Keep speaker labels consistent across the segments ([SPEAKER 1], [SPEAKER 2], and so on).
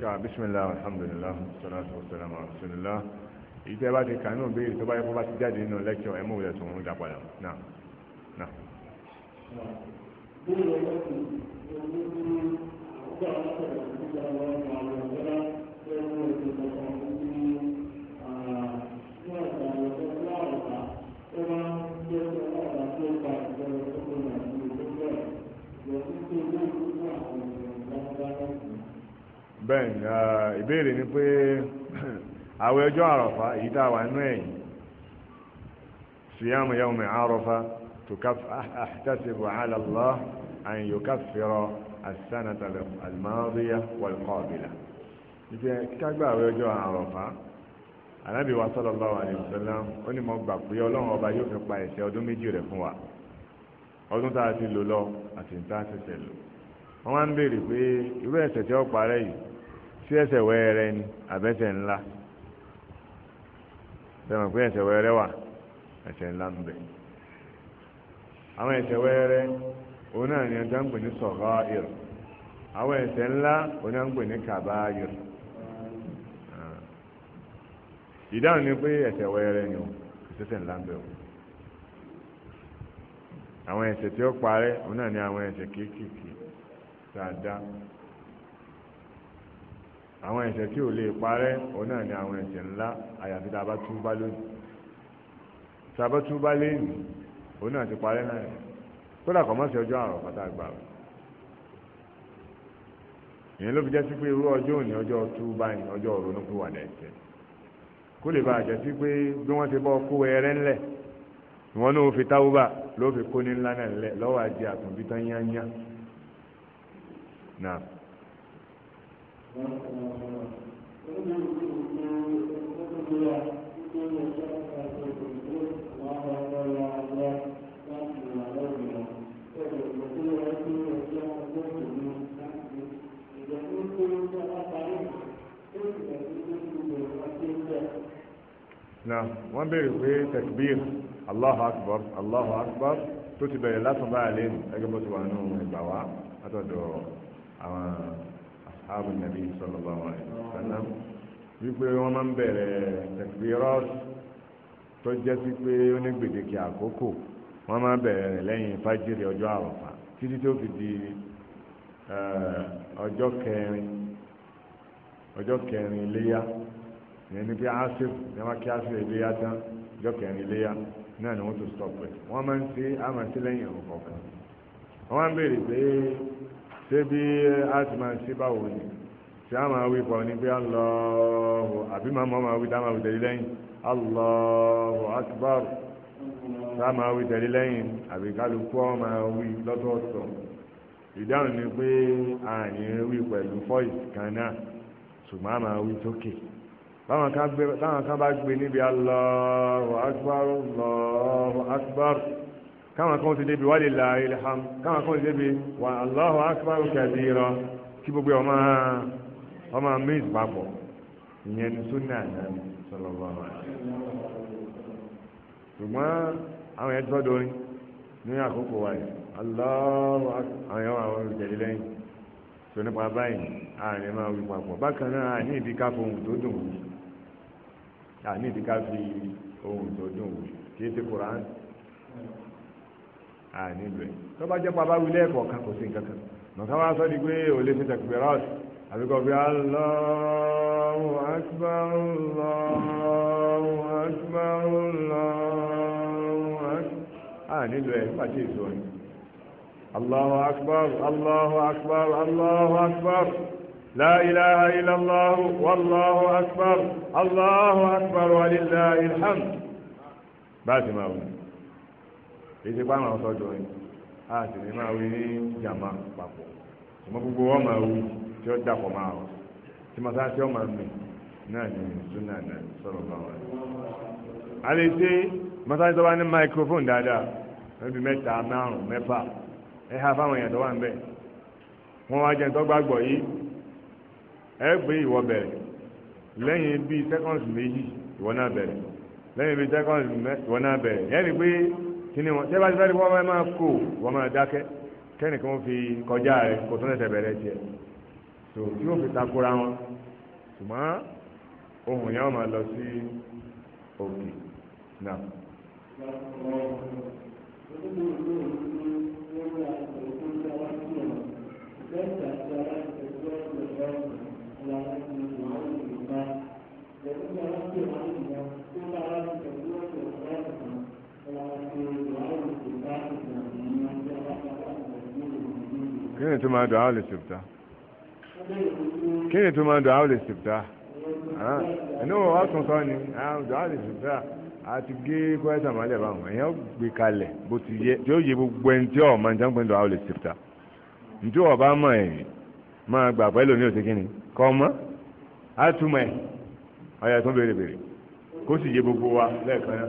[SPEAKER 1] ká bisimilah alhamdulilah salatu wasalam rasulillah èyí tẹ́ bá ti kà nínú béèrè tó bá yẹ kó bá ti jáde nínú lẹ́kṣọ̀ ẹ̀ mú wulẹ̀ tó ń dà padà náà. àwẹ̀ ọjọ́ àrọ̀fá èyí tá a wà nú ẹ̀yìn síyàmù yawmi àrọ̀fá tàṣìbò àlàlọ́ an yukaffira as-sanata al-madiya wal-qabila ìpẹ́ kágbà àwẹ̀ ọjọ́ àrọ̀fá anábì wa sallallahu alayhi wa sallam ó ní mo gbà pé ọlọ́run ọba yóò fi pa ẹ̀ṣẹ̀ ọdún méjì sẹ́wọ̀n pé ẹ̀ṣẹ̀ wẹ́rẹ́ wà ẹ̀ṣẹ̀ ńlá ń bẹ àwọn ẹ̀ṣẹ̀ ni ẹja ń pè ní sọ̀rọ̀ nla àwọn ẹ̀ṣẹ̀ ńlá òun náà ń pè ni o ẹ̀ṣẹ̀ wẹ́rẹ́ ni o ìṣẹ̀ṣẹ̀ o àwọn ẹ̀ṣẹ̀ tí ò lè parẹ́ o náà ni àwọn ẹ̀ṣẹ̀ ńlá àyàfi tá a bá túbá lónìí tá a bá túbá lénìí òun náà ti parẹ́ náà kódà kọ́ mọ́sí ọjọ́ àrùn pátá gbà rẹ̀ ìyẹn ló fi jẹ́ sí pé irú ọjọ́ òní ọjọ́ túbá ni ọjọ́ ronúpìwàdà ẹ̀ṣẹ̀ kó lè bàa jẹ́ sí pé bí wọ́n ti bọ́ kó ẹrẹ́ ńlẹ̀ wọn náà fi táwùbà ló fi kó ní ńlá náà lọ́wọ́ àjẹ àtúnbí tán yányá náà náà wọ́n béèrè pé takbir Allah akbar Allah akbar tó ti bẹ̀rẹ̀ látọ̀ báyà lẹ́nu ẹgbẹ́ bó ti wà nínú ìgbà wa látọ̀dọ̀ àwọn ààbò nàbí sallallahu alaihi wasallam wípé wọ́n máa ń bẹ̀rẹ̀ tẹ̀kbírọ́ọ̀sì tó jẹ́ sí pé ó ní gbèdéke àkókò wọ́n máa bẹ̀rẹ̀ rẹ̀ lẹ́yìn fájìrì ọjọ́ àrọ̀fà títí tó fi di eh, ọjọ́ kẹrin ọjọ́ kẹrin iléyà ìyẹn ni pé asif ní wọ́n kí asif iléyà tán ọjọ́ kẹrin iléyà náà ni wọ́n tó stop pẹ̀ wọ́n máa ń ṣe àmàṣe lẹ́yìn ọ̀kọ̀ọ̀kan wọ́n máa ń béèrè pé ṣé bí a ti máa ṣe báwo ni ṣé a máa wí pọ̀ ní pé Allahu àbí máa mọ́ máa wí tá máa wí tẹ̀lé lẹ́yìn Allahu akbar tá máa wí tẹ̀lé lẹ́yìn àbí kálukú ọ máa wí lọ́tọ̀ọ̀tọ̀ ìdáhùn ni pé àní wí pẹ̀lú fọ́ìsì kan náà ṣùgbọ́n a máa wí sókè báwọn kan bá gbé níbi Allahu akbar Allahu akbar káwọn kan ti débi wálé la ilham káwọn kan ti débi wà Allahu akbar kabira kí gbogbo ọmọ ọmọ maize papọ̀ ìyẹn ní sunna àdáni sallallahu alaihi ṣùgbọ́n àwọn yẹn tọ́ dorin ní àkókò wa yìí Allahu akbar àwọn yẹn wà wọ́n jẹ̀lé lẹ́yìn tó nípa báyìí ààrẹ máa wí papọ̀ bákan náà àní ìdí ká fohùn tó dùn wù àní ìdí ká fi ohùn tó dùn wù kì í ti Kùránì nílò ẹ̀ tó bá jẹ́ pa bá wulẹ̀ ẹ̀kọ́ kan kò sí nǹkan kan nǹkan wá sọ́ di pé ò lè fi tẹ̀kùbẹ̀rọ̀sì àbíkọ́ bí Allahu akbar Allahu akbar Allahu akbar à nílò ẹ̀ nígbà tí èso ni Allahu akbar Allahu akbar èyí ti pàmò àwọn sọ́dọ̀ yìí a sì ní máa wí ní jàmá papọ̀ ìmọ̀ gbogbo wọn máa wí tí ó dàpọ̀ máa rọ̀ tí mo sáà tí ó máa mì náà ní súnà náà sọ̀rọ̀ bá wọn. a lè ṣe mọ́sáàtì tó bá ní microphone dáadáa níbi mẹ́ta márùn-ún mẹ́fà ẹ ha fáwọn èèyàn tó wà ń bẹ̀ wọ́n wá jẹ́ tó gbàgbọ́ yìí ẹ gbé ìwọ bẹ̀rẹ̀ lẹ́yìn bíi seconds méjì ìwọ náà bẹ̀rẹ̀ lẹ́yìn bíi seconds ìwọ náà bẹ̀rẹ̀ yẹ́nì pé kíni wọn tẹ́ bá ti fẹ́ rí wọ́n máa kó wọ́n máa dákẹ́ kẹ́ni kí wọ́n fi kọjá rẹ̀ kó tó lẹ́sẹ̀ bẹ̀rẹ̀ tiẹ̀ tó tí wọ́n fi takora wọn ṣùgbọ́n ohun yẹn wọ́n máa lọ sí òkè náà. ni tó máa du'a al-istiftah kí ni tó máa du'a al-istiftah ẹnu wọn wá tún sọ ni du'a al-istiftah a ti gé kwẹ́sà mọ́lẹ̀ báwọn èèyàn gbé kalẹ̀ bó ti yẹ tí ó yẹ gbogbo ẹni tí ọ̀ máa ń jẹ́ du'a al-istiftah ntí wọn bá mọ ẹ̀yìn máa gbà pẹ́ lómi òsì kínní kọ́ mọ́ á túmọ̀ ẹ̀ ọ̀yà tó ń béèrè béèrè kó sì yẹ gbogbo wa lẹ́ẹ̀kan náà.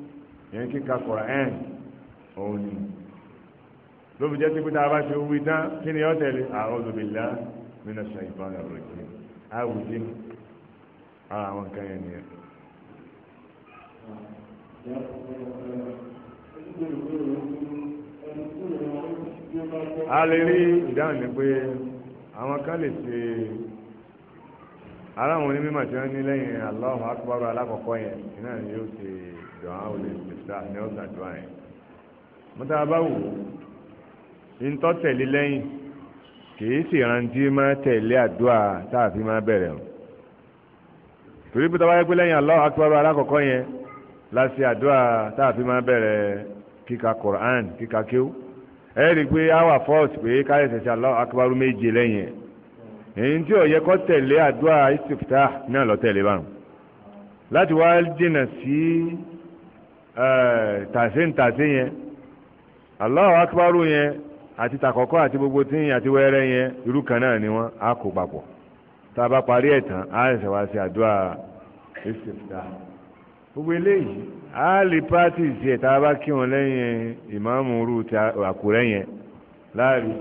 [SPEAKER 1] yẹn kíka Quran òun ni ló fi jẹ́ sí pé tá a bá ṣe wí tán kí ni ó tẹ̀lé a'udhu billahi minash shaytanir rajim àwùjí ara àwọn nǹkan yẹn nìyẹn. a lè rí ìdáhùn ni pé àwọn kan lè ṣe. ara àwọn onímọ̀ tí wọ́n ní lẹ́yìn Allahu alákọ̀ọ́kọ́ yẹn iná ni yóò ṣe o torí pé tọ́wáyé pé lẹ́yìn Allahu akbar alákọ̀ọ́kọ́ yẹn la ṣe àdúrà táàfin máa bẹ̀rẹ̀ kíka Qur'an kíka kéw ẹ̀ẹ́dì èyí tí ó yẹ kó tẹ̀lé àdúrà istiftah náà lọ tẹ̀lé báwọn láti wá dènà sí tàṣéǹtàṣé yẹn Allahu akbaru yẹn àti tàkọ́kọ́ àti gbogbo tíyìn àti wẹ́rẹ́ yẹn irú kan náà ni wọ́n á kó papọ̀ tá a bá parí ẹ̀ tán á ṣẹ̀ wá sí àdúrà istiftah gbogbo eléyìí á lè practice ẹ̀ tá a bá kí wọn lẹ́yìn ìmáàmù rú ti Àkúrẹ́ yẹn láàrin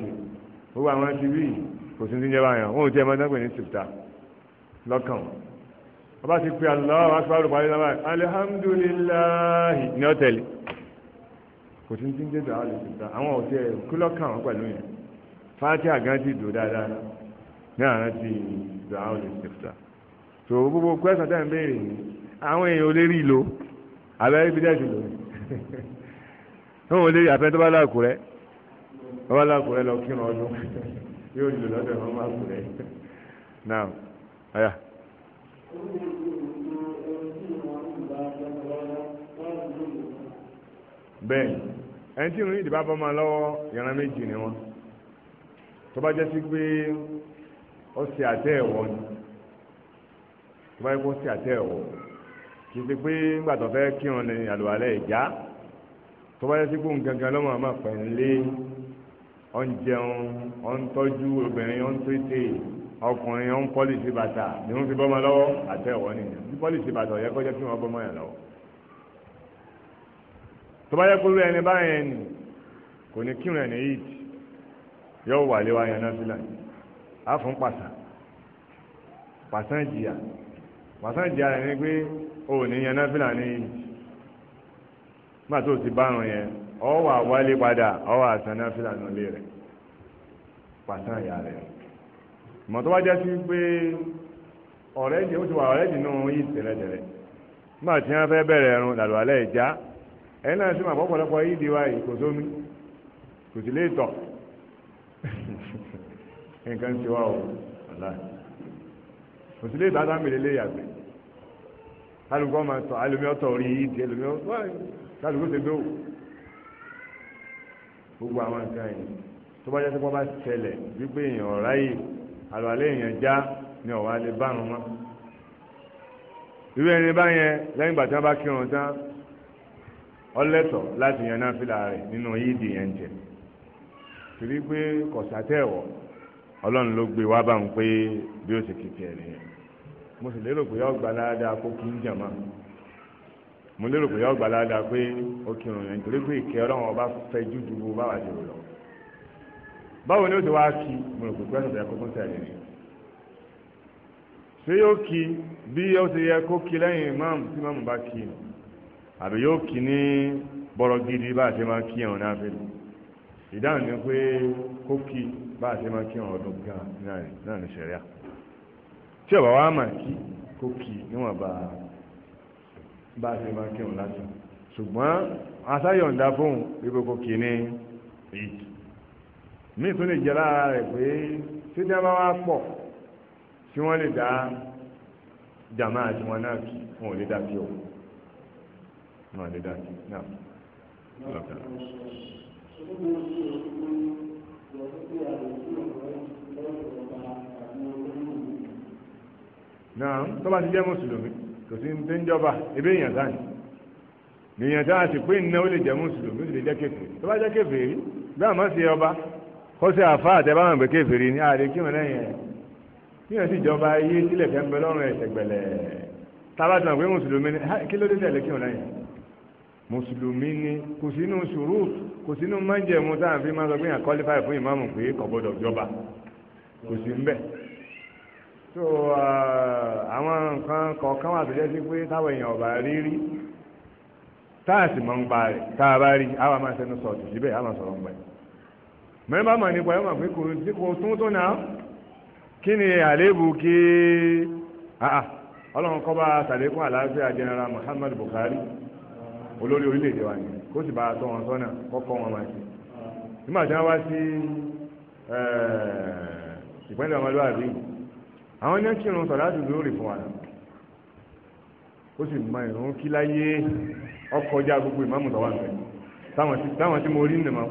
[SPEAKER 1] gbogbo àwọn ti rí yìí kò sí ní jẹ́ báyàn wọn ò tiẹ̀ máa dágbé ní sèpítà lọ́kàn wọn. ọba ti pe Allahu akbar parí lọ́wọ́ alihamdulilahi ní ọ̀tẹ̀lẹ̀ kò sí ní jẹ́ dàá lè sèpítà àwọn ò tiẹ̀ kú lọ́kàn wọn pẹ̀lú yẹn Fatiha gan ti dò dáadáa ní àárín ti dàá lè sèpítà. tó gbogbo kwẹ́sàn tẹ́ ń béèrè ni àwọn èèyàn ò lè rí ìlò abẹ́rẹ́ bí dẹ́sì yóò lò lọ́dọ̀ wọn máa kù rẹ̀ náà ọ̀yà. bẹ́ẹ̀ ẹni tí ìròyìn ìdìbò abọ́mọ lọ́wọ́ ìran méjì ni wọ́n tó bá jẹ́ sí pé ó ṣe àtẹ́ ẹ̀wọ̀ ni tó bá yẹ kó ṣe àtẹ́ ẹ̀wọ̀ kì í ṣe pé nígbà tó fẹ́ kírun ni àlùwalẹ̀ ìjà tó bá jẹ́ sí pé òun gangan lọ́mọ àmọ́ pẹ̀lú ọ̀ ń jẹun ọ̀ ń tọ́jú obìnrin ọ̀ ń tètè ọkùnrin ọ̀ ń pọ́lìsì bàtà ni wọ́n fi bọ́mọ lọ́wọ́ àtẹ̀wọ́ nìyẹn bí pọ́lìsì bàtà ọ̀yẹ́ kọjá kí wọ́n bọ́mọ yẹn lọ́wọ́ tó bá yẹ kó lóyún ẹni báyẹn nì kò ní kírun ẹni yìí yóò wà lé wa yẹn náà sílẹ̀ á fún pàṣà pàṣà jìyà pàṣà jìyà rẹ̀ ni pé òun yẹn náà sílẹ̀ ní yìí nígbà tó ti bá àrùn yẹn ọ wà wálé padà ọ wà sanná fìlànà rẹ̀ pàṣán ìyá rẹ̀ wá pé ó ti wà ọ̀rẹ́dì náà yìí tẹ̀lẹ̀tẹ̀lẹ̀ nígbà tí wọ́n fẹ́ bẹ̀rẹ̀ ẹ̀rùn ìjà ẹ̀ náà sì mà kò sómi kò sì lè tọ̀ nǹkan ti wá o kò sì lè tà sáàmì lélẹ̀ yàgbẹ́ kálukọ́ tọ̀ rí gbogbo àwọn nǹkan yìí tó bá jẹ́ sọ́kọ́ bá ṣẹlẹ̀ wípé èèyàn yìí àlùwàlẹ́ èèyàn já ni ọ̀wá lè bárun mọ́ irú ẹni tí wọ́n bá kírun tán ọlẹ́tọ̀ láti yan náà fìlà rẹ̀ nínú yídì yẹn jẹ torí pé kọ̀sátẹ́wọ̀ ọlọ́run ló gbé wá bá ń pé bí ó kìkì ẹ̀ nìyẹn mo lérò pé yọ gbàládà pé ó kírun yẹn nítorí pé ìkẹ́ ọlọ́run ọba fẹ́ jù ju báwa ṣe rò lọ báwo ni ó ti wá kí mo rò pé pẹ́sẹ̀ tẹ̀ kókó tẹ̀lé ni ṣé yóò kí bí ó ti yẹ kó kí lẹ́yìn imáàmù tí imáàmù bá kí ni àbí yóò kí ní bọ́rọ̀ gidi bá a ṣe máa kí ẹ̀hún náà fẹ́lẹ̀ ìdáhùn ni pé kó kí bá a ṣe máa kí ẹ̀hún ọdún gan náà ní sẹ̀ríà tí ọ̀bà wa máa kí kó kí níwọ̀nba bá a ṣe máa kírun láti ṣùgbọ́n asáyọ̀ǹda fóun ìgbòkò kìíní èyí míì tún lè jẹ́ lára rẹ̀ pé títí a bá wá pọ̀ tí wọ́n lè dá jàmáà àti wọn náà kí wọn ò lè dá kí o wọn ò lè dá kí náà lọ́kàn. náà tó bá ti jẹ́ mùsùlùmí kò sí ní tẹ́ńjọba ebe èèyàn sáà ni èèyàn sáà sì pé iná ó lè jẹ́ mùsùlùmí ó sì lè jẹ́ kèfèrí tó bá jẹ́ kèfèrí bí àmọ́ sí ọba kó sì àfa àtẹ́bá wọn pé kèfèrí ní ààrẹ kí wọn lẹ́yìn ẹ̀ kí wọn sì jọba ayé sílẹ̀ fẹ́ ń bẹ lọ́rùn ẹ̀sẹ̀ gbẹ̀lẹ̀ tábà tí wọn pé mùsùlùmí ni kí ló dé tẹ̀lé kí wọn lẹ́yìn mùsùlùmí ni kò sínú sùúrù kò sínú májẹ̀mú táwọn fi máa sọ pé so uh, àwọn nǹkan kọ̀ọ̀kan wà tó jẹ́ sí pé táwọn èèyàn ọ̀bà rí rí táà sì mọ̀ ń pa rẹ̀ tá a bá rí àwa máa ṣẹnu sọ̀tù síbẹ̀ àwa sọ̀rọ̀ ń pẹ̀ mẹ́bàá mọ̀ nípa ẹ̀ mọ̀ pé kò sí kò tún tó náà kí ni àléébù kí ọlọ́run kọ́ bá sàlékún àlàáfíà general Muhammad Buhari olórí orílẹ̀-èdè wa ni kó sì bá a tọ́ wọn sọ́nà kọ́kọ́ wọn máa ṣe nígbà tí wọ́n wá sí ìpínlẹ̀ ọmọlúwàbí yìí àwọn yẹn kírun sọ̀láàtì lórí fún wa ó sì mọ ìrún kí láyé ọkọjá gbogbo ìmáàmù tó wà nù táwọn tí mo rí nìmọ̀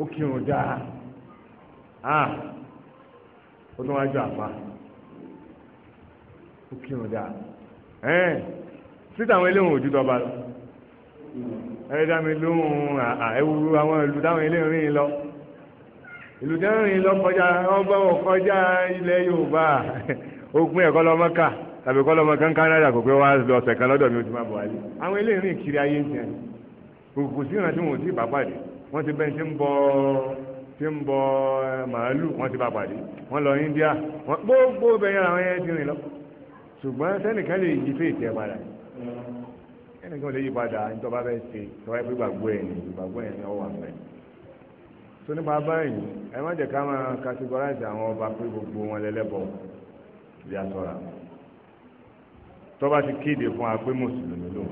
[SPEAKER 1] ó kírun já a ó tún wá jọ àfa ó kírun já ẹ́n síta àwọn eléwọ̀n ojú tọba lọ ẹ̀ẹ́dá mi lóhùn àẹwúru àwọn ìlú táwọn eléwọ̀n rìn lọ ìlú dẹ́rìn lọ kọjá ọgbà ọkọjá ilẹ̀ Yorùbá ogun ẹ̀kọ́ lọ́mọ́kà tàbí kọ́ lọ́mọ́kà ń Canada kò pé wá lọ ọ̀sẹ̀ kan lọ́dọ̀ mi ó ti máa bọ̀ wálé àwọn eléyìí rìn kiri ayé ń kò sí ìrántí wọn ò tí ì bá pàdé wọ́n ti bẹ́ẹ̀ ṣe ń bọ ti ń bọ màálù wọ́n ti bá pàdé wọ́n lọ India wọ́n gbogbo bẹ̀yẹn àwọn yẹn ti rìn lọ ṣùgbọ́n sẹ́nìkan lè yí fèé tẹ́ padà ẹnìkan lè yí padà nítorí wọ́n bá fẹ́ ṣe tọ́wọ́ ẹgbẹ́ gbàgbọ́ ẹ̀ ní gbàgbọ́ ẹ̀ ní ọwọ́ àgbẹ̀ tó nípa báyìí ẹ má jẹ́ ká máa categorize àwọn ọba pé gbogbo wọn lẹ́lẹ́bọ ìdí àsọ̀ra tọ́ba ti kéde fún wa pé mùsùlùmí ló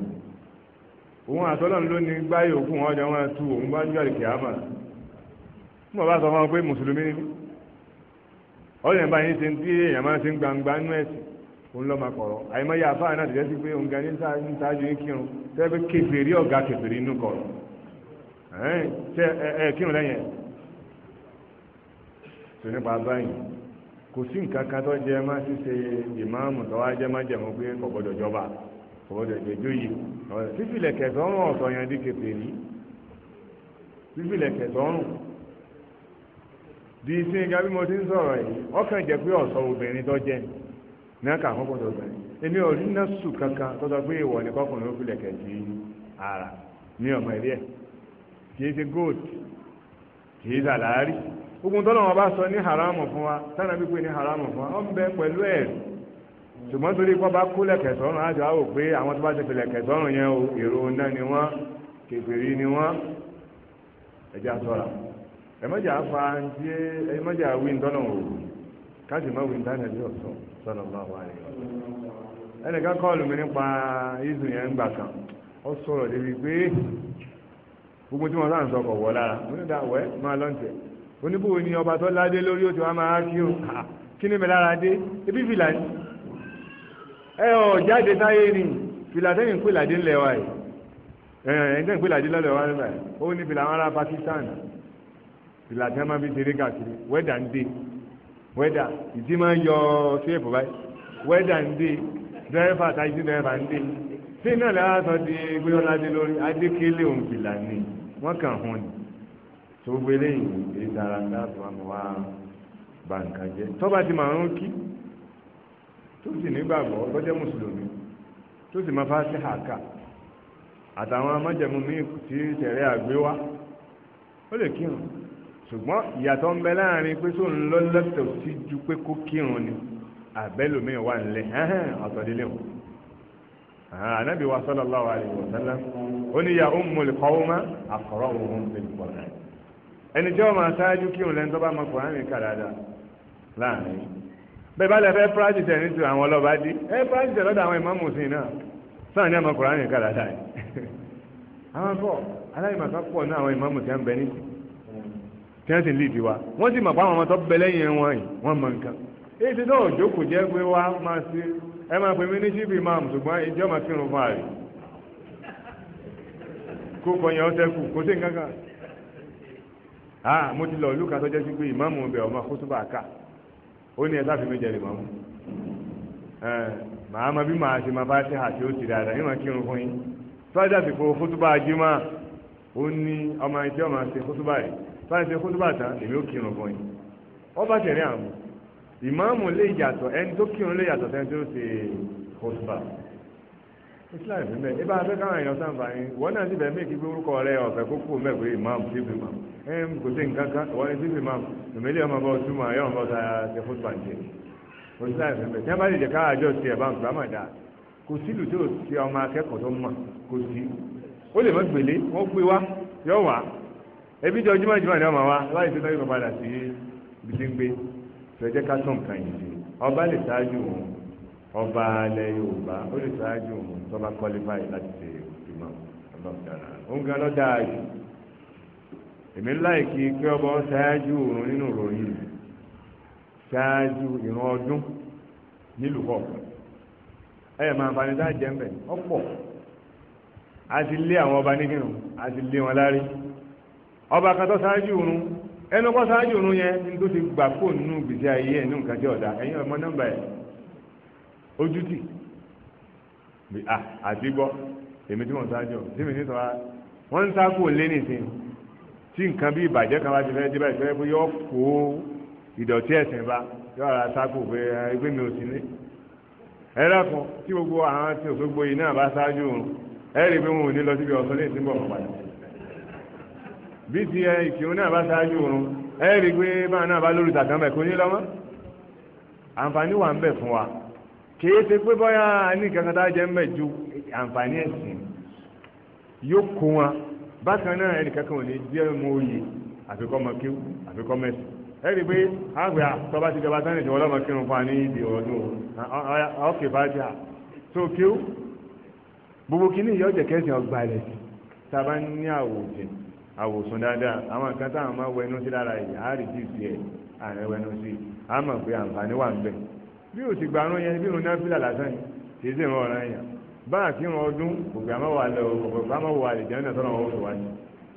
[SPEAKER 1] òun àtọ́lọ́n ló ní gbáyé òkú wọn ọjà wọn tú òun bá ń jọ ìkẹ́ àmà tí mo bá sọ fún wọn pé mùsùlùmí ni ọlọ́yìn bá yín ṣe ń tí èèyàn máa ṣe ń gbangba nú ẹ̀sìn òun lọ́ọ́ máa kọ̀rọ̀ àyèmọ́yé àfáà náà tẹ̀lé sí pé òun gan ní sáájú yín kírun tẹ́ pé kèfèrí ọ̀gá kèfèrí inú kọ̀rọ̀ ẹ̀ kírun lẹ́yìn tó nípa báyìí kò sí nǹkan kan tó jẹ má ṣíṣe ìmáàmù tó wá jẹ má jẹmú pé kò gbọ́dọ̀ jọba kò gbọ́dọ̀ jẹjọ yìí fífilẹ̀ kẹsàn-án ọ̀sọ̀ yẹn di kèfèrí fífilẹ̀ kẹsàn-án di sí ga bí mo ti ń sọ̀rọ̀ yìí ọkàn jẹ́ pé ọ̀sọ̀ obìnrin tó jẹ ní àkà àkọ́kọ́ tó bẹ̀rẹ̀ èmi ò rí náà sùn kankan tó sọ pé ìwọ ni kọkùnrin ó filẹ̀ kẹ̀sì ara ní ọmọ ogun tọ́lọ̀ wọn bá sọ ní haramu fún wa tánà bí pé ní haramu fún wa ó ń bẹ pẹ̀lú ẹ̀ ṣùgbọ́n torí pọ́ bá kú lẹ̀kẹ̀sọ́rùn láti wá pé àwọn tó bá ti yẹn o èrò ńlá ni wọ́n ni wọ́n ẹja sọ́ra ẹ̀mọ́jà afa ń tí ẹ̀mọ́jà wí ń tọ́lọ̀ wò káṣí má wí ń tánà sọ́nà bá wà oníbòwò ni ọba tó ládé lórí ó ti wá máa kí o kí ni mẹ́lára dé ebi fìlà ni ẹ ọ jáde táyé ni fìlà sẹ́yìn ń pè ládé ńlẹ̀ wa yìí ẹ̀ ẹ̀ ń tẹ́ ń pè ládé lọ́lẹ̀ wa nígbà yìí ó ní fìlà àwọn ará Pakistan fìlà tí wọ́n máa fi ṣeré káàkiri wẹ́dà ń dé wẹ́dà ìdí máa ń yọ ṣéèpù báyìí wẹ́dà ń dé dẹ́rẹ́fà táyé dẹ́rẹ́fà ń dé tí náà lè wá sọ di gbéyọ́ládé lórí adékélé òǹfìlà ni wọ́n kàn hàn ni tó gbélé yìí èyí tara láti wọn wá ba nǹkan jẹ tọ́ba ti máa ń kí tó sì nígbàgbọ́ bọ́jẹ́ mùsùlùmí tó sì máa fásí àkà àtàwọn amájẹmú míì tí tẹ̀rẹ́ àgbé wá ó lè kírun ṣùgbọ́n ìyàtọ̀ ń bẹ láàrin pé sóun lọ lọ́tọ̀ sí ju pé kó kírun ni àbẹ́lòmíì wà nílẹ̀ ọ̀tọ̀délé wọn. ànábì wa sallallahu alaihi wasallam ó ní ya ummul qawma aqra'uhum bil Qur'an ẹni tí wọ́n máa ṣáájú kí òun lẹ́nu tó bá mọ kùránì kà dáadáa láàrin bẹ́ẹ̀ bá lẹ fẹ́ pírátìsẹ̀ nítorí àwọn ọlọ́ba dí ẹ pírátìsẹ̀ lọ́dọ̀ àwọn ìmọ̀ mùsùlùmí náà sáà ní àmọ́ kùránì kà dáadáa yìí àwọn bọ̀ aláìmọ̀ká pọ̀ náà àwọn ìmọ̀ mùsùlùmí bẹ ní tí wọ́n sì lè fi wa wọ́n sì mọ̀ pé àwọn ọmọ tó bẹ lẹ́yìn wọn yìí wọ́n mọ nǹkan èyí tí náà òjòkó jẹ́ pé wá máa ṣe ẹ máa pè mí ní ah mo ti lọ ìlú kan tó jẹ́ sí pé ìmáàmù ọbẹ̀ ọmọ kótóbà ká ó ní ẹ̀sà fìmí jẹrè mọ́mú màá ma bí màá ṣe máa bá ṣe àti ó ti dáadáa yín máa kírun fún yín tọ́jà sì fo kótóbà jimá ó ní ọmọ ìṣe ọmọ ṣe kótóbà yìí tọ́jà ṣe kótóbà tán èmi ó kírun fún yín ó bá ṣẹ̀rí àmú ìmáàmù lè yàtọ̀ ẹni tó kírun lè yàtọ̀ sẹ́ni tó ṣe kótóbà islam fi mẹ ibà fẹ káwọn èèyàn sàǹfààní wọn náà sì bẹ mí kí pé orúkọ rẹ ọfẹ kó kú mẹ pé imam síbi imam ẹ kò sí nǹkan kan wọn ní síbi imam tòmílẹ ọmọ bọ túmọ̀ ayé ọmọ ta ṣe fún pàǹtẹ kò sí islam fi mẹ tí wọn bá lè jẹ káwọn àjọ ti ẹ bá ń gbà má dáa kò sílùú tó ti ọmọ akẹ́kọ̀ọ́ tó mọ̀ kò sí ó lè má gbélé wọn gbé wá yọ wá ẹbí jọ jimajima ni ọmọ wa láì tó náà yóò padà sí ibi tí ń gbé fẹjẹ ká tó nǹkan yìí ọba lè ṣáájú òun ọba alẹ́ yorùbá ó lè ṣáájú òun tó bá qualify láti ṣe ìmọ̀ ọlọ́ọ̀dára òun gan lọ́dà jù èmi láìkí pé ọba ṣáájú òun nínú ìròyìn ṣáájú ìran ọdún nílùú kọ̀ọ̀kan ẹ̀yẹ̀ máa bá ní dá jẹ́ mbẹ̀ a ti lé àwọn ọba a ti lé wọn lárí ọba kan tó ṣáájú òun ẹnu ṣáájú òun yẹn ní tó ti gbà nínú gbèsè ayé ojú tì bí a àti gbọ́ èmi tí mo ń sáájú tí mi ní sọ wá wọ́n ń sá kó lé nìsín tí nǹkan bí ìbàjẹ́ kan bá ti fẹ́ dé báyìí fẹ́ yọ kó ìdọ̀tí ẹ̀sìn bá yọ ara sá kó pé ẹgbẹ́ mi ò sí ní. ẹ dákun tí gbogbo àwọn tí òṣogbo yìí náà bá sáájú òun ẹ rí i pé wọn ò ní lọ síbi ọ̀sán léèsì bọ̀ padà. bí ti ìkírun náà bá sáájú òun ẹ pé báwọn náà bá lórí ìtàkàn bẹ̀ kó ní lọ́mọ́ àǹfààní wà ń bẹ̀ fún wa kìí ṣe pé bọ́yá ní kankan tá a jẹ́ mbẹ́ àǹfààní ẹ̀sìn yóò kó wọn bákan náà ẹnì kankan ò ní jẹ́ mọ oyè àfikọ́ ọmọ kíw àfikọ́ mẹ́sì ẹ̀rí àtọ́ba ti jọba sáré ìjọba ọlọ́mọ fún wa ní ìdè ọdún ọkè fàájà tó kíw gbogbo kìíní yóò jẹ́ kẹ́sìn ọgbà rẹ̀ tá a bá ní àwòjẹ àwòsàn dáadáa àwọn nǹkan táwọn máa wẹnu sí lára yìí àárí sí ìsì ẹ̀ àrẹwẹnu sí àmọ̀ pé àǹfààní wà ń bẹ̀ bí o ti gbà rán yẹn bí irun náà fílà lásán ni kìí sì rán ọ̀ràn yẹn báà kí irun ọdún ògbà má wà lọ ògbà má wà lè jẹun náà sọ́nà wọn oṣù wa ni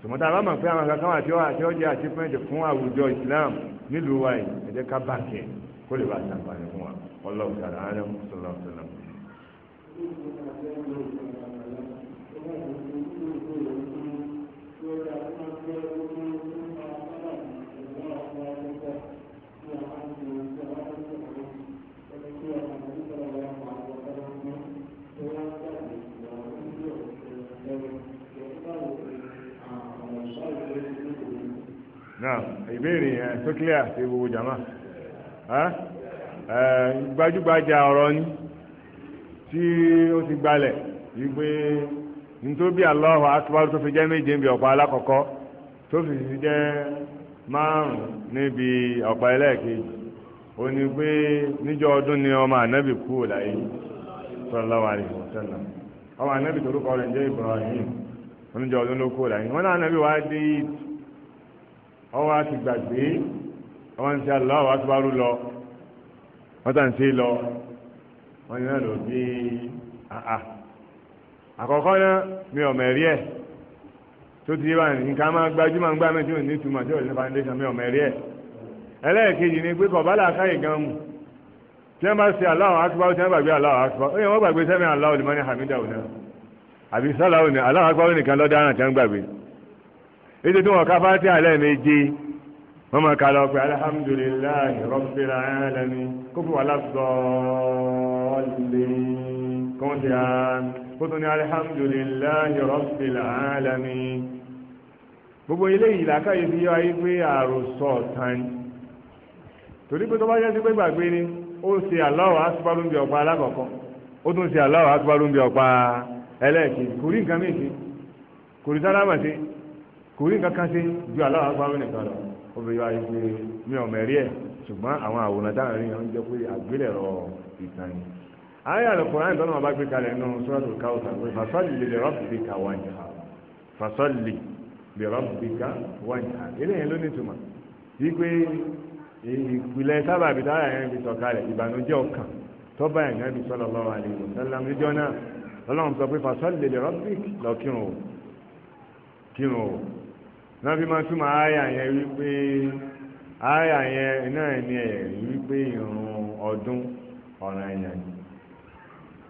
[SPEAKER 1] tòmọ́tà bá mọ̀ pé àwọn kankan wà tí ó àti ọjà àti pẹ́ǹtì fún àwùjọ Islam nílùú wa yìí ẹ jẹ́ ká bà kẹ́ kó lè bá ṣàǹfààní fún wa ọlọ́run sàrà ánà sọlọ́run sọlọ́run. ìbéèrè yẹn tó clear sí gbogbo jama gbajúgbajà ọ̀rọ̀ ni tí ó ti gbalẹ̀ wípé nítorí Allahu akbar tó fi jẹ́ méje níbi ọ̀pá alákọ̀ọ́kọ́ tó fi jẹ́ márùn-ún níbi ọ̀pá ẹlẹ́ẹ̀kejì ó ní pé níjọ́ ọdún ni ọmọ ànábì kú ọmọ ànábì rẹ̀ ń jẹ́ oníjọ́ ọdún ló kú ọwọ́ wa ti gbàgbé ọwọ́ ń ṣe aláwọ̀ wá tó bá rú lọ wọ́n tà ń ṣe lọ wọ́n yẹn lò bí àà àkọ́kọ́ náà mi ò mẹ̀rí ẹ̀ tó ti yé báyìí nǹkan máa gbajúmọ̀ ń gbá mi tí ò ní túmọ̀ tí ò ní foundation mi ò mẹ̀rí ẹ̀ ẹlẹ́ẹ̀kejì ni pé kọ̀ọ̀bá làákàyè gan mu tí wọ́n bá ṣe aláwọ̀ akpọ̀ tí wọ́n gbàgbé aláwọ̀ akpọ̀ ó yẹ wọ́n gbàgbé sẹ́mi aláwọ̀ lè mọ́ ní hamida òun náà àbí sálà òun ní aláwọ̀ akpọ̀ nìkan lọ́dọ̀ àrùn tí wọ́n gbàgbé ètò tí wọ́n ká fáti àlẹ́ méje wọ́n máa ka lọ pé alihamudulilayi rabbil alamin kó fún wa lásọ̀ọ́lì kó ń ṣe àmì kó tún ní alihamudulilayi rabbil alamin gbogbo eléyìí làákàyè fi yọ ayé pé àròsọ tán torí pé tó bá pé gbàgbé ni ó ṣe Allahu akbar ọ̀pá alákọ̀ọ́kọ́ ó tún ṣe Allahu akbar ọ̀pá ẹlẹ́ẹ̀kejì kò rí nǹkan méje kò rí sálámà sí i kò rí nǹkan kan sí ju aláwọ̀ agbára nìkan lọ obìnrin wa yìí pé mi ò mẹ̀rí ẹ̀ ṣùgbọ́n àwọn àwòrán táwọn rí yẹn ń jẹ́ pé àgbélẹ̀rọ ìtàn yìí. ayé àlùkùránì tọ́nà bá gbé kalẹ̀ nínú suratul Kawthar pé fasalli li rabbika wanhar fasalli li rabbika wanhar eléyìí ló ní ìtumọ̀ wípé ìpìlẹ̀ sábàbí táyà yẹn fi sọ̀kalẹ̀ ìbànújẹ́ ọkàn tọ́ba yẹn náà fi sallallahu alaihi wasallam níjọ́ náà lọ́lọ́run sọ pé fasalli li rabbika lọ kírun o kírun o náà fi máa túmọ̀ àyà yẹn wípé àyà yẹn náà ní ẹ̀rí wípé ìrun ọdún ọ̀ràn ẹ̀yàn ni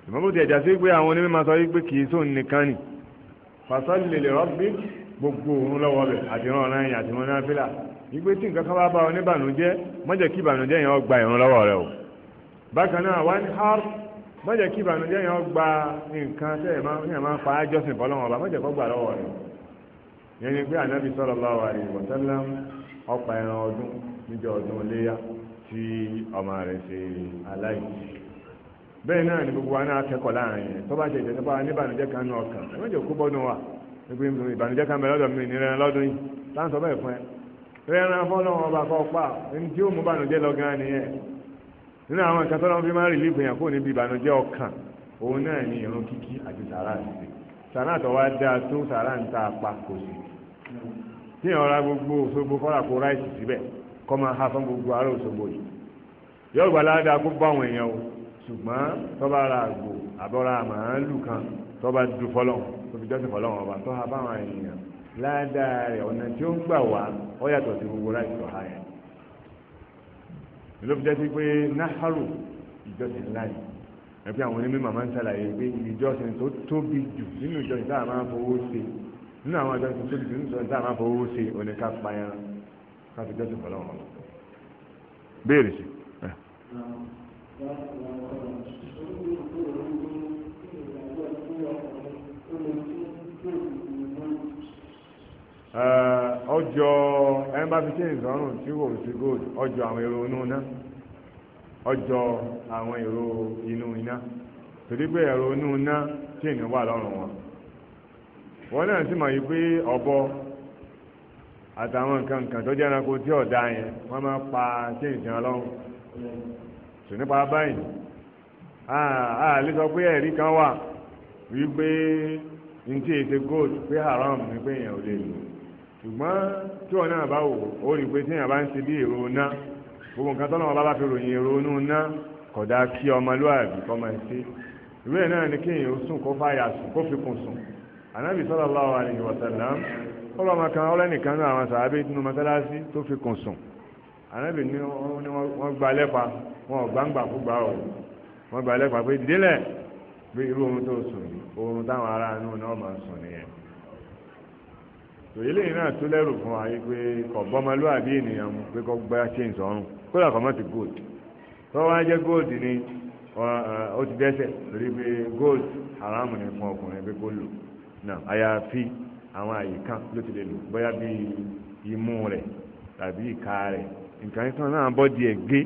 [SPEAKER 1] ìmọ̀ bó ti ẹ̀já sí pé àwọn onímọ̀ máa sọ wípé kì í sóun nìkan ni fàṣọ́lì lè rọ́bí gbogbo òun lọ́wọ́ bẹ̀ àti ìran ọ̀ràn ẹ̀yàn àti ìran náà fílà wípé tí nǹkan kan bá bá ọ níbànújẹ́ má kí ìbànújẹ́ yẹn gba ìrun lọ́wọ́ rẹ o bákan náà wá ní har má kí ìbànújẹ́ yẹn gba nǹkan tẹ́ ẹ̀ máa pa á jọ́sìn ọba má jẹ́ gbà lọ́wọ́ rẹ o yẹn ni pé ànábì sallallahu alaihi wa sallam ọ̀pá ẹran ọdún níjọ ọdún léyà tí ọmọ ṣe bẹ́ẹ̀ náà ni gbogbo wa náà kẹ́kọ̀ọ́ láàrin yẹn tó ṣe ìjẹ́ nípa kan náà kàn ẹ méjì kú wa kan bẹ mi yìí láǹsọ fún ẹ ọba pa ẹni tí ó mú lọ gan nínú àwọn nǹkan ní ọ̀rá gbogbo Òṣogbo kọ́ra kó ráìsì síbẹ̀ kọ́ máa ha fún gbogbo ará Òṣogbo yìí yóò gbà ládàá kó bá àwọn èèyàn o ṣùgbọ́n tọ́ba ara àgbò àbọ̀ra màálù kan tọ́ba du fọlọ́n tóbi jọ́sìn fọlọ́n ọba tó ha báwọn èèyàn ládàá rẹ̀ ọ̀nà tí ó ń gbà wá ó yàtọ̀ sí gbogbo ráìsì ọ̀há yẹn ló fi jẹ́ sí pé náhàrù ìjọsìn láì ẹ̀fí àwọn onímọ̀ máa ń ṣàlàyé pé ìjọsìn tó tóbi jù nínú ìjọsìn tá a máa fowó ṣe nínú àwọn àjọ ìṣòro tó nínú si táwọn afọwọ́ ṣe òní ká pa ẹran ká fi jọ́sìn fọlọ́ wọn. béèrè sí. ọjọ́ ero chains ọrùn tí ero sí gold ọjọ́ àwọn èrò inú iná wọ́n náà sì mọ̀ yìí pé ọ̀bọ àtàwọn nǹkan nǹkan tó jẹ́ ẹranko tí ọ̀dà yẹn wọ́n pa sí ìsìn ọlọ́run nípa báyìí a lè sọ pé ẹ̀rí kan wà wípé n tí èsè gold pé haram ni pé èèyàn ò lè lò ṣùgbọ́n tí wọn náà bá wò ó rí pé tí èèyàn bá bí èrò gbogbo nǹkan bá fi ròyìn anabi sallallahu alayhi wa sallam ọlọ́ ma kan ọlọ́ nìkan náà àwọn sàábé nínú mọ́sálásí tó fi kùn sùn anabi ní wọ́n gba lẹ́pa wọn ò gbangba kú gbà ọ̀ wọ́n gba lẹ́pa pé délẹ̀ pé irú ohun tó sùn yìí ohun táwọn ará inú náà máa sùn nìyẹn tòyí lẹ́yìn náà tó lẹ́rù fún wa yìí pé ọ̀bọ́mọlúwàbí ènìyàn mu pé kọ́ gbá chains ọ̀run kódà kọ́ mọ́ ti gold tọ́wọ́ á jẹ́ gold ni ó ti dẹ́sẹ̀ rí pé gold haramu ni fún ọkùnrin pé kó lò náà àyàfi àwọn àyè kan ló ti lè lò bóyá bí imú rẹ̀ tàbí ìka rẹ̀ nǹkan kan náà bọ́dì ẹ̀ gé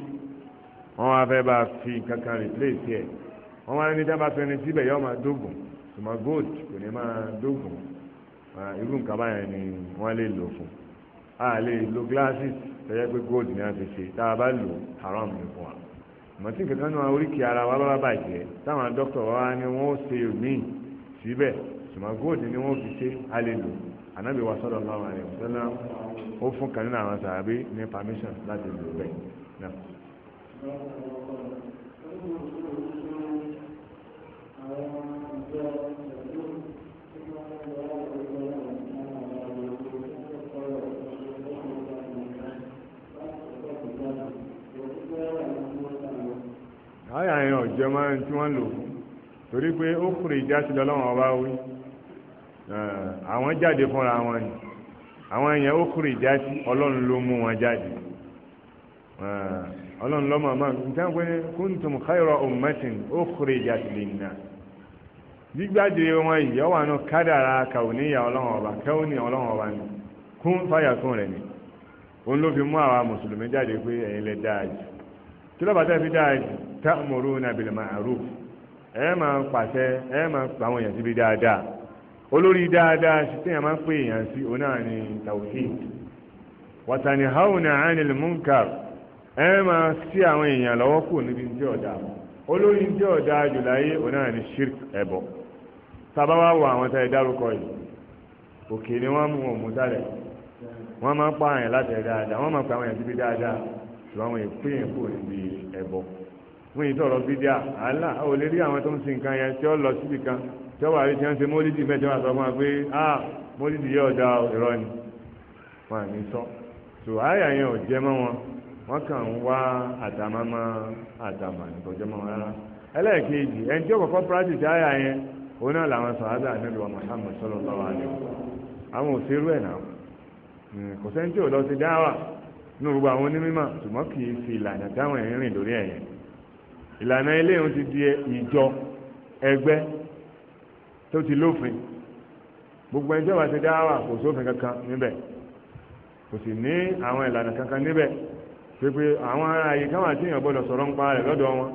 [SPEAKER 1] wọ́n wá fẹ́ bá fi nǹkan kan replace ẹ̀ wọ́n wá ní dábàá fẹ́ni síbẹ̀ yóò máa dógùn tùmọ̀ gold kò ní máa dógùn irú nǹkan báyẹn ni wọ́n lè lò fún a lè lo glasses tẹ́jẹ́ pé gold ni a fi ṣe tá a bá lò haram ni fún wa mọ̀tí nǹkan kan náà oríkì ara wa bá bàjẹ́ táwọn dókítà wa ni wọ́n ṣe mí síbẹ̀ ṣùgbọ́n góòdì ni wọ́n fi ṣe alèlò ànábì wa sọ́dọ̀ lọ́wọ́ rẹ̀ sọ́nà ó fún kan nínú àwọn sàábé ní permission láti lò bẹ́ẹ̀ náà. Àyà yẹn ọ̀jọ́ máa ń tí wọ́n lò fún torí pé ó kúrè ìjà sí lọ́wọ́ ọba wí. Eh, àwọn jáde fúnra wọn ni àwọn èèyàn ó kúrò ìdásí ọlọ́run ló mú wọn jáde eh, ọlọ́run lọ́mọ máa ń pé kúntùm khayra ummatin ukhrijat linnas gbígbáde wọn yìí ọwọ́ àánú kádàrá kàwọ́níyà ọlọ́run ọba kẹ́wọ́nì ọlọ́run ọba ni kún fàyà kún rẹ̀ ni òun ló fi mú àwa mùsùlùmí jáde pé ẹ̀yin dáa jù kí ló fi dáa jù ta'muruna bil ma'ruf máa pàṣẹ máa pàwọn èèyàn síbi dáadáa olórí dáadáa sí tí a máa ń pè èèyàn sí ni tawhid wàtàní haúnà ánìlì munkar ẹ máa sí àwọn èèyàn lọ́wọ́ kù níbi jẹ́ ọ̀dà olórí jẹ́ ọ̀dà jùláyé ni shirk ẹ̀bọ tàbá wá àwọn tá dárúkọ ni wọ́n mú wọ́n máa ń pa àyàn láti ẹ̀ dáadáa wọ́n máa pa àwọn èèyàn síbi dáadáa pè kù níbi fún ìtọ̀rọ̀ bídíà àlà ò lè rí lọ jọba àrí tí wọ́n ṣe mólídì mẹ́jọ àti ọmọ pé ah mólídì yóò da ìrọ́ ni wọn àní sọ tó àyà yẹn ò jẹ́ wọn wọn rárá ẹlẹ́ẹ̀kejì practice àyà yẹn òun náà làwọn nílùú wa Muhammad sallallahu alaihi àwọn òṣèrú ẹ̀ náà hmm, kò sẹ́ni ò lọ sí dáwà ní gbogbo àwọn onímọ̀ ṣùgbọ́n kì í fi ìlànà lórí ẹ̀yẹn ìlànà di ìjọ ẹgbẹ́ tó ti lófin gbogbo ẹni tí wọ́n ti dáwà kò sófin kankan níbẹ̀ kò sì ní àwọn ìlànà kankan níbẹ̀ pépé àwọn ààyè káwọn àti èèyàn gbọ́dọ̀ sọ̀rọ̀ nípa rẹ̀ lọ́dọ̀ wọn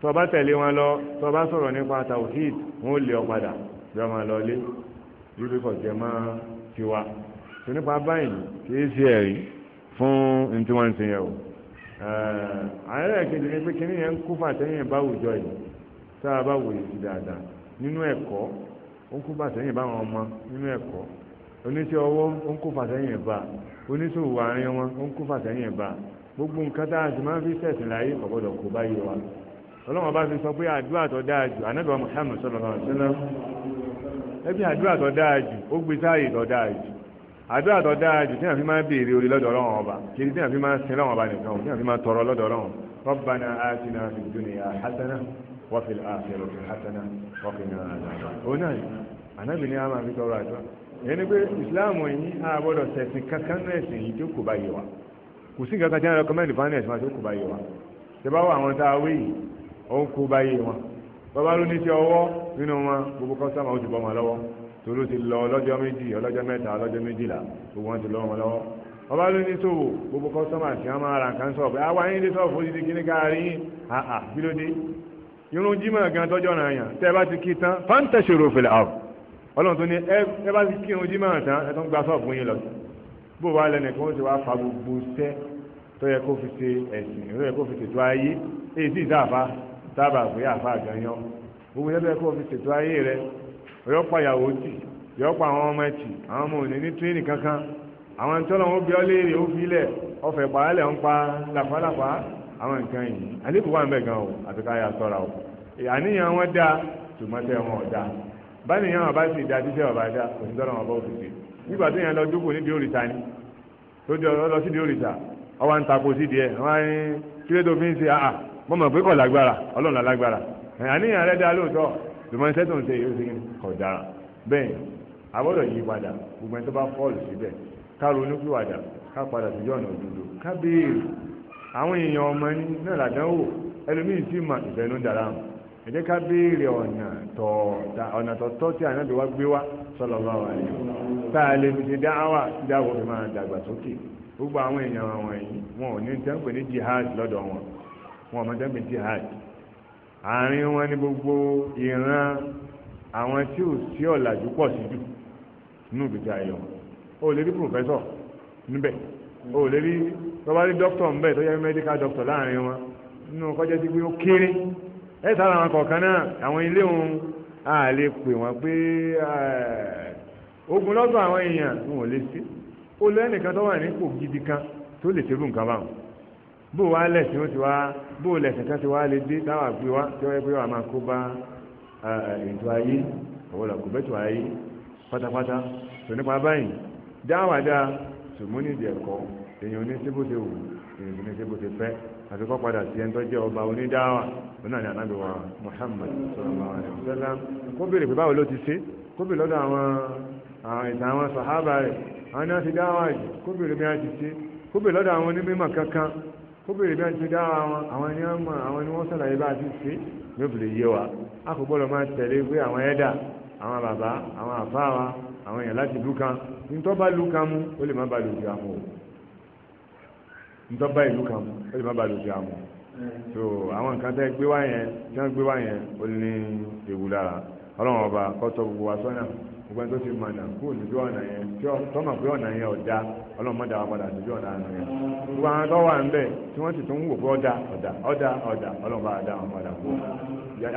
[SPEAKER 1] tó bá tẹ̀lé wọn lọ tó bá sọ̀rọ̀ nípa tawhid wọn ó lé ọ padà bí ọmọ lọ lé lórí kọ̀jẹ́ máa ti wá tó nípa báyìí kìí ṣe ẹ̀rí fún ní tí wọ́n ń sìn yẹ̀wò ààrẹ kejì ni pé kíní yẹn ń kú fàtẹ́yìn báwùjọ yìí tá a bá wòye sí dáadáa nínú ẹ̀kọ́ ó ń kó fàsẹ́yìn bá àwọn ọmọ nínú ẹ̀kọ́ oníṣẹ́ ọwọ́ ó ń kó bá oníṣòwò àárín wọn ó ń kó bá gbogbo nǹkan tá a sì máa ń fi sẹ̀sìn láyé kò gbọ́dọ̀ kó báyìí wa ọlọ́run bá fi sọ pé àdúrà tó dáa jù anábìá sallallahu ẹbí àdúrà tó dáa jù ó gbé sáàyè tó dáa jù fi máa ń béèrè orí وفي الآخرة حسنة وقنا عذاب هنا أنا بني أما في توراة yẹni pé ìsìláàmù yìí a gbọ́dọ̀ ṣẹ̀sìn kankan náà ẹ̀sìn yìí tó kò bá yé wa kò sí kankan tí wọ́n rẹ́kọ́mẹ́ndì fún ẹ̀sìn wa tó kò bá yé wa ṣe bá wà àwọn tá a wé yìí ó ń kó bá yé wọn bàbá ló ní ti ọwọ́ nínú wọn gbogbo kọ́sítọ́mù ó ti bọ́ wọn lọ́wọ́ tòló ti lọ ọlọ́jọ́ méjì ọlọ́jọ́ mẹ́ta ọlọ́jọ́ méjìlá gbogbo wọn ti lọ wọn lọ́wọ́ ọba ló ní tòwò gbogbo kọ́sítọ́mù àti wọn máa ra nǹkan sọ̀bù àwa yín dé sọ̀bù ó ti di kíní káàrí yín àà kí ló dé irun jímọ̀ gan tọ́jọ́ náà yàn tẹ́ ẹ bá ti kí tán fáńtẹ̀sọ̀rọ̀ fèlè àrùn ọlọ́run tó ní ẹ bá ti kí irun jímọ̀ tán ẹ tó ń gba sọ́ọ̀bù yín lọ bó wàá lẹ́nu kí wọ́n ti wá fa gbogbo sẹ́ tó yẹ kó fi ṣe ẹ̀sìn tó yẹ kó fi ṣètò ayé èyí sì dáàfà dábà pé àfa àgànyàn gbogbo yẹ bẹ́ẹ̀ kó fi ṣètò ayé rẹ yọ̀pọ̀ ìyàwó tì yọ̀pọ̀ àwọn ọmọ ẹtì àwọn ọmọ òní ní tírénì kankan àwọn tí ọlọ́run ó bí ọ léèrè ó fi lẹ̀ ọ̀fẹ́ pàálẹ̀ ń pa làpálàpá àwọn nǹkan yìí àlékù wà nbẹ gan o àti káyà sọ́ra o àníyàn wọn dá tòmọtẹ wọn ò dá báníyàn wọn bá sì dá tíṣẹ wọn bá dá kò ní tọ́lọ́ wọn bá òtútù nígbà tó yẹn lọ dúkù níbi òrìṣà ni tó di ọ lọ sí di òrìṣà ọwọ́ ń takò sí diẹ wọn á ní kílé tó fi ń ṣe àà ah, ah, mo mọ̀ pé kò lágbára ọlọ́run lágbára àníyàn rẹ dá lóòótọ́ tòmọtẹ tó ń ṣe yóò ṣe kò dára bẹ́ẹ̀ àbọ̀dọ̀ yí padà gbogbo ẹni tó bá fọ́ọ̀lù síbẹ̀ ká ronú pìwàdà ká padà sí jọ́ọ̀nà òdodo ká béèrè àwọn èèyàn ọmọ ẹni náà làdánwò ẹlùmí sì ma ìfẹ́nu dára hàn ká béèrè ọ̀nà tọ̀tọ̀ tí wa gbé wá sallallahu alaihi dáhàwà gbogbo àwọn èèyàn àwọn wọn ò ní tẹ́ǹpẹ̀ ní jihad lọ́dọ̀ wọn wọn ò gbogbo ìran àwọn tí ò sí ọ̀làjú pọ̀ sí jù nínú o lè rí pòfẹ́sọ̀ o lè tó bá rí dókítà ń bẹ̀ tó yẹ mẹ́díkà dókítà láàrin wọn nínú kọjá sí pé ó kéré ẹ sára àwọn kọ̀ọ̀kan náà àwọn ilé òun a lè pè wọ́n pé ogun lọ́dọ̀ àwọn èèyàn wọn ò lè sí ó lọ ẹnìkan tó wà nípò gidi kan tó lè ṣerú nǹkan báwọn bó wa lẹ̀sìn ó ti wá bó lẹ̀sìn kan ti wá lè dé táwa gbé wá tí wọ́n yẹ pé wàá máa kó bá ètò ayé ọ̀wọ́lọ̀ kò bẹ́tò ayé pátápátá tò nípa báyìí dáwàdà tòmónìdì ẹ̀kọ́ èyàn ní síbò ṣe wù èyàn ní síbò ṣe fẹ́ àti kọ́ padà sí ẹni tó jẹ́ ọba onídáwà lónà ní anábì wa Muhammad sallallahu alaihi wasallam kó béèrè pé báwo ló ti ṣe kó béèrè lọ́dọ̀ àwọn ìtàn àwọn sàhábà rẹ̀ àwọn náà ti dáwà jù kó béèrè bí wọ́n ti ṣe kó béèrè lọ́dọ̀ àwọn onímọ̀ kankan kó béèrè bí wọ́n ti dáwà wọn àwọn ni wọ́n mọ̀ àwọn ni wọ́n sàlàyé bá a ti ṣe ló fi lè yé wa a kò gbọ́dọ̀ máa tẹ̀lé pé àwọn ẹ̀dà àwọn bàbá àwọn àfáà wa àwọn èèyàn láti lù kan ní tó bá lù kan mú ó lè má ba lù kan mú o. ntọ́ba ìlú kan ó lè má ba lòdì àmọ́ so àwọn nǹkan tẹ́ gbé wá yẹn tí wọ́n gbé wá yẹn ó ní ewu lára ọlọ́run ọba gbogbo wa sọ́nà gbogbo ẹni tó ti mọ ọ̀nà kúrò níbi ọ̀nà yẹn tí tọ́mọ̀ pé ọ̀nà yẹn ọ̀dá ọlọ́run mọ̀dá wa padà níbi ọ̀nà yẹn gbogbo àwọn tó wà tí wọ́n sì tún wò pé ọ̀dà ọ̀dà ọ̀dà ọ̀dà ọlọ́run bá dá wọn padà kú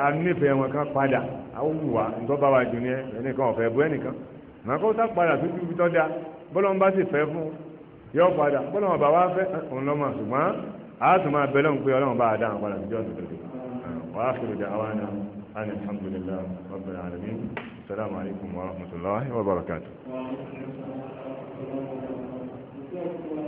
[SPEAKER 1] a nífẹ̀ẹ́ wọn kan padà bá wa jù ní ẹnìkan ọ̀fẹ́ ẹnìkan sá padà tó ti fi tọ́ da sì fẹ́ fún yọ padà bọ́lá wọn bá wá fẹ́ òun lọ́ mọ̀ ṣùgbọ́n a tún máa bẹ lọ́hùn pé ọlọ́run bá dáhùn padà níjọ́ tó tètè wà á fi ròjà àwọn náà ani alhamdulillah rabbil alamin assalamu alaikum wa rahmatullahi wa
[SPEAKER 2] barakatuh.